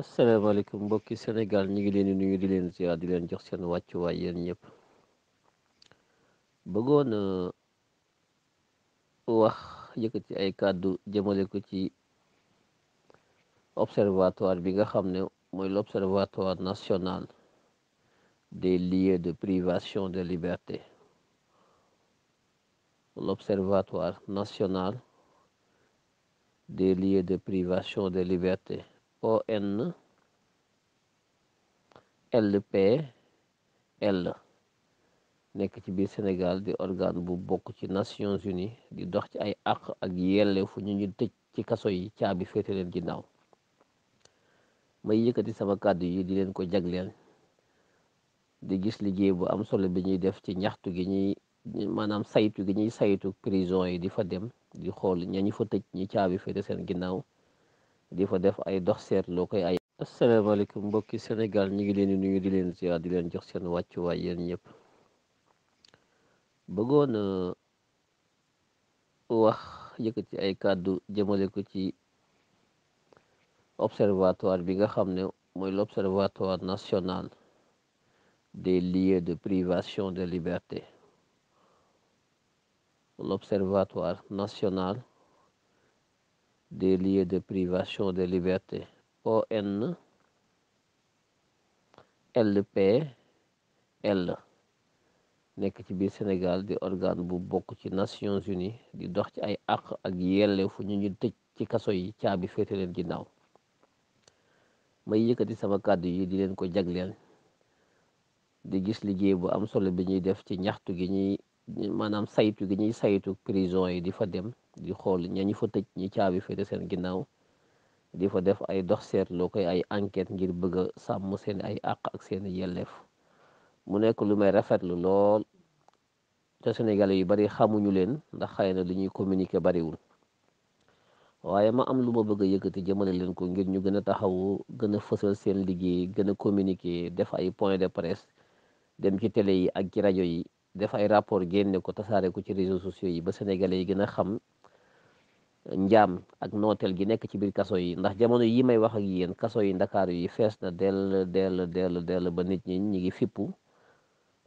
asalaamaaleykum mbokki Sénégal ñu ngi leen nuyu di leen ziar di leen jox seen wàccuwaay yéen ñëpp bëggoon uh, wax ci ay kàddu jëmale ko ci observatoire bi nga xam ne mooy l'observatoire national de lieux de privation de liberté l'observatoire national des lie de privation de liberté ON LPL nekk ci biir Sénégal di organe bu bokk ci Nations Unies di dox ci ay àq ak yelleefu ñu ñu tëj ci kaso yi caabi féete leen ginnaaw may yëkkati sama kàddu yi di leen ko jagleel di gis liggéey bu am solo bi ñuy def ci ñaxtu gi ñuy maanaam saytu gi ñuy saytu prison yi di fa dem di xool ña ñu fa tëj ñi caabi féete seen ginnaaw di fa def ay dox seetlu koy ay asalaamaaleykum mbokki Sénégal ñu ngi leen di nuyu di leen ziar di leen jox seen wàccuwaay yéen ñëpp bëggoon na euh, wax yëkkati ay kàddu jëmale ko ci observatoire bi nga xam ne mooy l'observatoire national de lieux de privation de liberté l'observatoire national des lieux de privation de liberté ON LPL nekk ci biir Sénégal di organe bu bokk ci Nations Unies di dox ci ay àq ak yelleefu ñu ñu tëj ci kaso yi caabi féete leen ginnaaw may yëkkati sama kàddu yi di leen ko jagleel di gis liggéey bu am solo bi ñuy def ci ñaxtu gi ñuy maanaam saytu gi ñuy saytu prison yi di fa dem di xool ñu fa tëj ñi caabi féete seen ginnaaw di fa def ay dox seetloo koy ay enquête ngir bëgg sàmm seen ay àq ak seen yelleef mu nekk lu may rafetlu lool te Sénégalais yu bari xamuñu leen ndax xëy na lu ñuy communiquer bariwul waaye ma am lu ma bëgg a yëkkati jëmale leen ko ngir ñu gën a taxawu gën a fësal seen liggéey gën a communiquer def ay point de presse dem ci télé yi ak ci rajo yi def ay rapport génne ko tasaare ko ci réseaux sociaux yi ba Sénégalais yi gën a xam njaam ak nooteel gi nekk ci biir kaso yi ndax jamono yi may wax ak yéen kaso yi ndakaaru yi fees na dell dell dell dell ba nit ñi ñi ngi fippu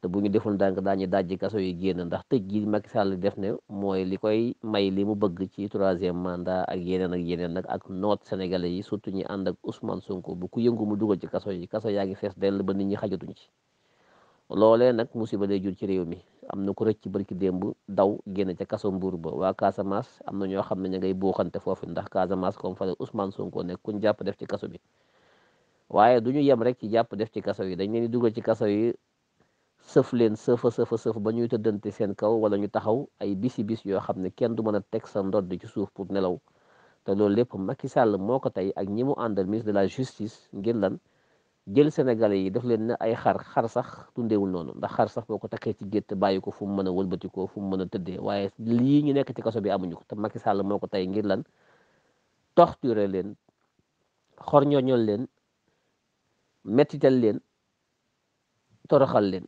te bu ñu deful daa daañu dajji kaso yi génn ndax tëj gi Macky Sall def ne mooy li koy may li mu bëgg ci troisième mandat ak yeneen ak yeneen nag ak noot sénégalais yi surtout ñi ànd ak Ousmane Sonko bu ku yëngu mu dugal ci kaso yi kaso yaa ngi fees dell ba nit ñi xajatuñ ci loolee nag musiba lay jur ci réew mi am na ku rëcc barki démb daw génn ca kaso mbuur ba waa Casamance am na ñoo xam ne ña ngay buuxante foofu ndax Casamance comme fale Ousmane Sonko nekk kuñ jàpp def ci kaso bi du ñu yem rek ci jàpp def ci kaso yi dañ leen di dugal ci kaso yi sëf leen sëfa sëfa sëf ba ñuy tëddante seen kaw wala ñu taxaw ay bisi bis yoo xam ne kenn du mën a teg sa ndodd ci suuf pour nelaw te loolu lépp Macky Sall moo ko tey ak ñi mu àndal ministre de la justice ngir lan jël sénégalais yi daf leen ne ay xar xar sax tundeewul noonu ndax xar sax boo ko takkee ci gétt bàyyi ko fu mu mën a wëlbatikoo fu mu mën a tëddee waaye lii ñu nekk ci kaso bi amuñu ko te Macky Sall moo ko tey ngir lan torturer leen xor ñooñol leen mettital leen toroxal leen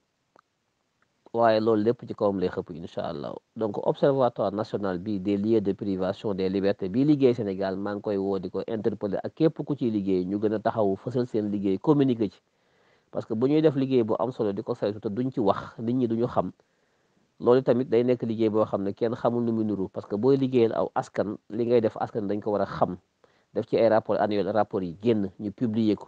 waaye loolu lépp ci kawam lay xëpp incha allah donc observatoire national bi des lieux de privation des libertés bi liggéey Sénégal maa ngi koy woo di ko interpeller ak képp ku ciy liggéey ñu gën a taxawu fësal seen liggéey communiquer ci parce que bu ñuy def liggéey bu am solo di ko saytu te duñ ci wax nit ñi duñu xam loolu tamit day nekk liggéey boo xam ne kenn xamul nu mu nuru parce que booy liggéeyal aw askan li ngay def askan dañ ko war a xam def ci ay rapport annuel rapport yi génn ñu publier ko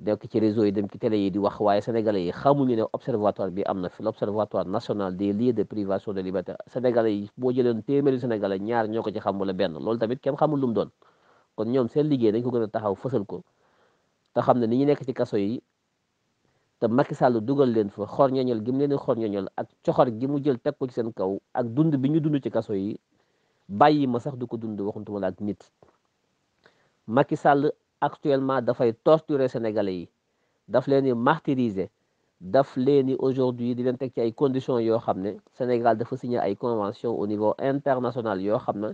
nekk ci réseau yi dem ci télé yi di wax waaye sénégalais yi xamuñu ne observatoire bi am na fi l' observatoire national des lieux de privation de liberté sénégalais yi boo jëleen téeméeri sénégalais ñaar ñoo ko ci xam wala benn loolu tamit kenn xamul lu mu doon kon ñoom seen liggéey dañ ko gën a taxaw fësal ko te xam ne ni ñu nekk ci kaso yi te makki Sall dugal leen fa xor ñooñal gi mu leen di xor ñooñal ak coxor gi mu jël teg ko ci seen kaw ak dund bi ñu dund ci kaso yi bàyyi ma sax du ko dund waxuntuma la ak nit Macky actuellement dafay torturer sénégalais yi daf leen di martyriser daf leen di aujourd'hui di leen teg ci ay conditions yoo xam ne Sénégal dafa signé ay convention au niveau international yoo xam ne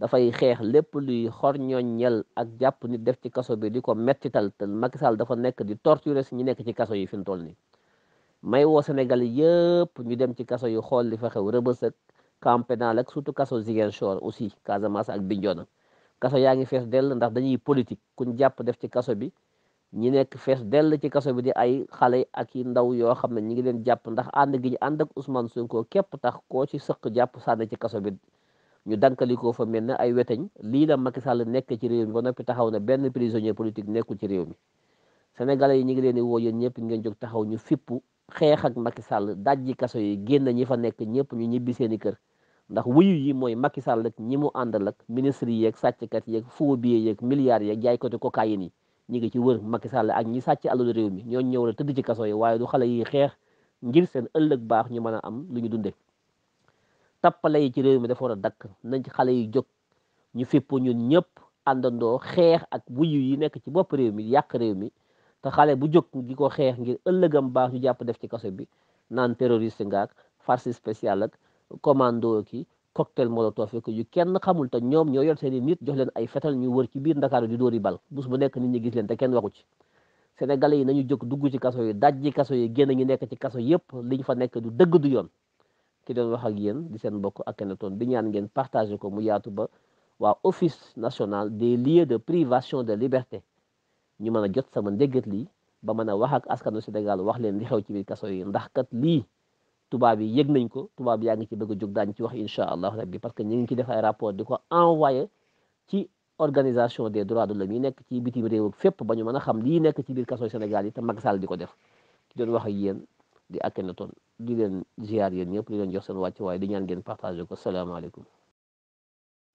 dafay xeex lépp luy xorñoñel ak jàpp nit def ci kaso bi di ko mettital te Macky Sall dafa nekk di torturer si ñu nekk ci kaso yi fi mu toll nii may woo Sénégal yëpp ñu dem ci kaso yu xool li fa xew Rebeuss ak Camp Pénal ak surtout kaso Ziguinchor aussi Casamance ak Bignona kaso yaa ngi fees dell ndax dañuy politique kuñ jàpp def ci kaso bi ñi nekk fees dell ci kaso bi di ay xale ak i ndaw yoo xam ne ñi ngi leen jàpp ndax ànd gi ñu ànd ak Ousmane Sonko képp tax koo ci sëq jàpp sànni ci kaso bi ñu dankalikoo fa mel ne ay weteñ lii la Macky Sall nekk ci réew mi ba noppi taxaw na benn prisonnier politique nekkul ci réew mi Sénégalais yi ñu ngi leen di woo yéen ñëpp ngeen jog taxaw ñu fippu xeex ak Macky Sall dajji kaso yi génna ñi fa nekk ñëpp ñu ñibbi seeni kër ndax wuyu yi mooy Macky Sall ñi mu àndal ak ministre yi yeeg sàcckat yeeg phobie yeeg milliards yeeg jaaykati cocaïne yi ñu ngi ci wër Macky Sall ak ñi sàcc alalu réew mi ñoo ñëw la tëdd ci kaso yi waaye du xale yi xeex ngir seen ëllëg baax ñu mën a am lu ñu dunde tappale yi ci réew mi dafa a dakk nañ ci xale yi jóg ñu fépp ñun ñëpp àndandoo xeex ak wuyu yi nekk ci bopp réew mi yàq réew mi te xale bu jóg gi ko xeex ngir ëllëgam baax ñu jàpp def ci kaso bi naan terroriste ngaak farce spéciale ak commando ki cocktail molotov fekk yu kenn xamul te ñoom ñoo yor seen seeni nit jox leen ay fetal ñu wër ci biir ndakaaru di doori bal bus bu nekk nit ñi gis leen te kenn waxu ci sénégalais yi nañu jóg dugg ci kaso yi dajji kaso yi génn ñu nekk ci kaso yépp ñu fa nekk du dëgg du yoon ki doon wax ak yéen di seen bokk ak toon di ñaan ngeen partagé ko mu yaatu ba waa office national des lieux de privation de liberté ñu mën a jot sama ndéggat lii ba mën a wax ak askanu Sénégal wax leen li xew ci biir kaso yi ndax kat tubaab yi yëg nañ ko tubaab yaa ngi ci bëgg a jóg daañu ci wax incha allah rabbi parce que ñu ngi ci def ay rapport di ko envoyé ci organisation des droits de l'homme yi nekk ci bitim réew ak fépp ba ñu mën a xam lii nekk ci biir kaso Sénégal yi te Macky Sall di ko def ki doon wax ak yéen di Akhenaton di leen ziar yéen ñëpp di leen jox seen wàcc waaye di ñaan ngeen partagé ko salaamaaleykum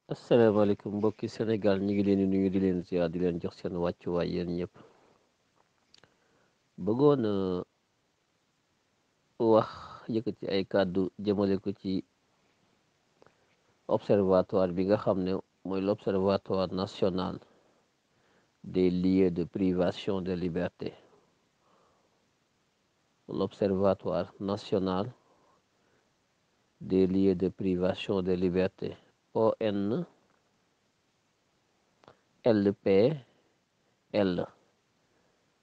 asalaamaaleykum mbokki Sénégal ñu ngi leen di di leen ziar di leen jox seen wàccuwaay yéen ñëpp bëggoon euh, wax yëkkati ay kàddu jëmale ko ci observatoire bi nga xam ne mooy l'observatoire national des lieux de privation de liberté l'observatoire national de lieux de privation de liberté ONLPL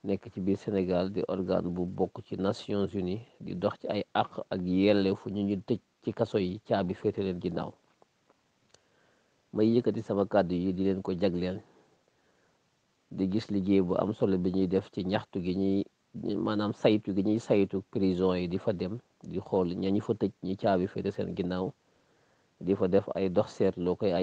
nekk ci biir Sénégal di organe bu bokk ci Nations Unies di dox ci ay àq ak yelleefu ñu ñu tëj ci kaso yi caabi féete leen ginnaaw may yëkkati sama kàddu yi di leen ko jagleel di gis liggéey bu am solo bi ñuy def ci ñaxtu gi ñuy maanaam saytu gi ñuy saytu prison yi di fa dem di xool ña ñu fa tëj ñi caabi féete seen ginnaaw di fa def ay dox seetloo koy ay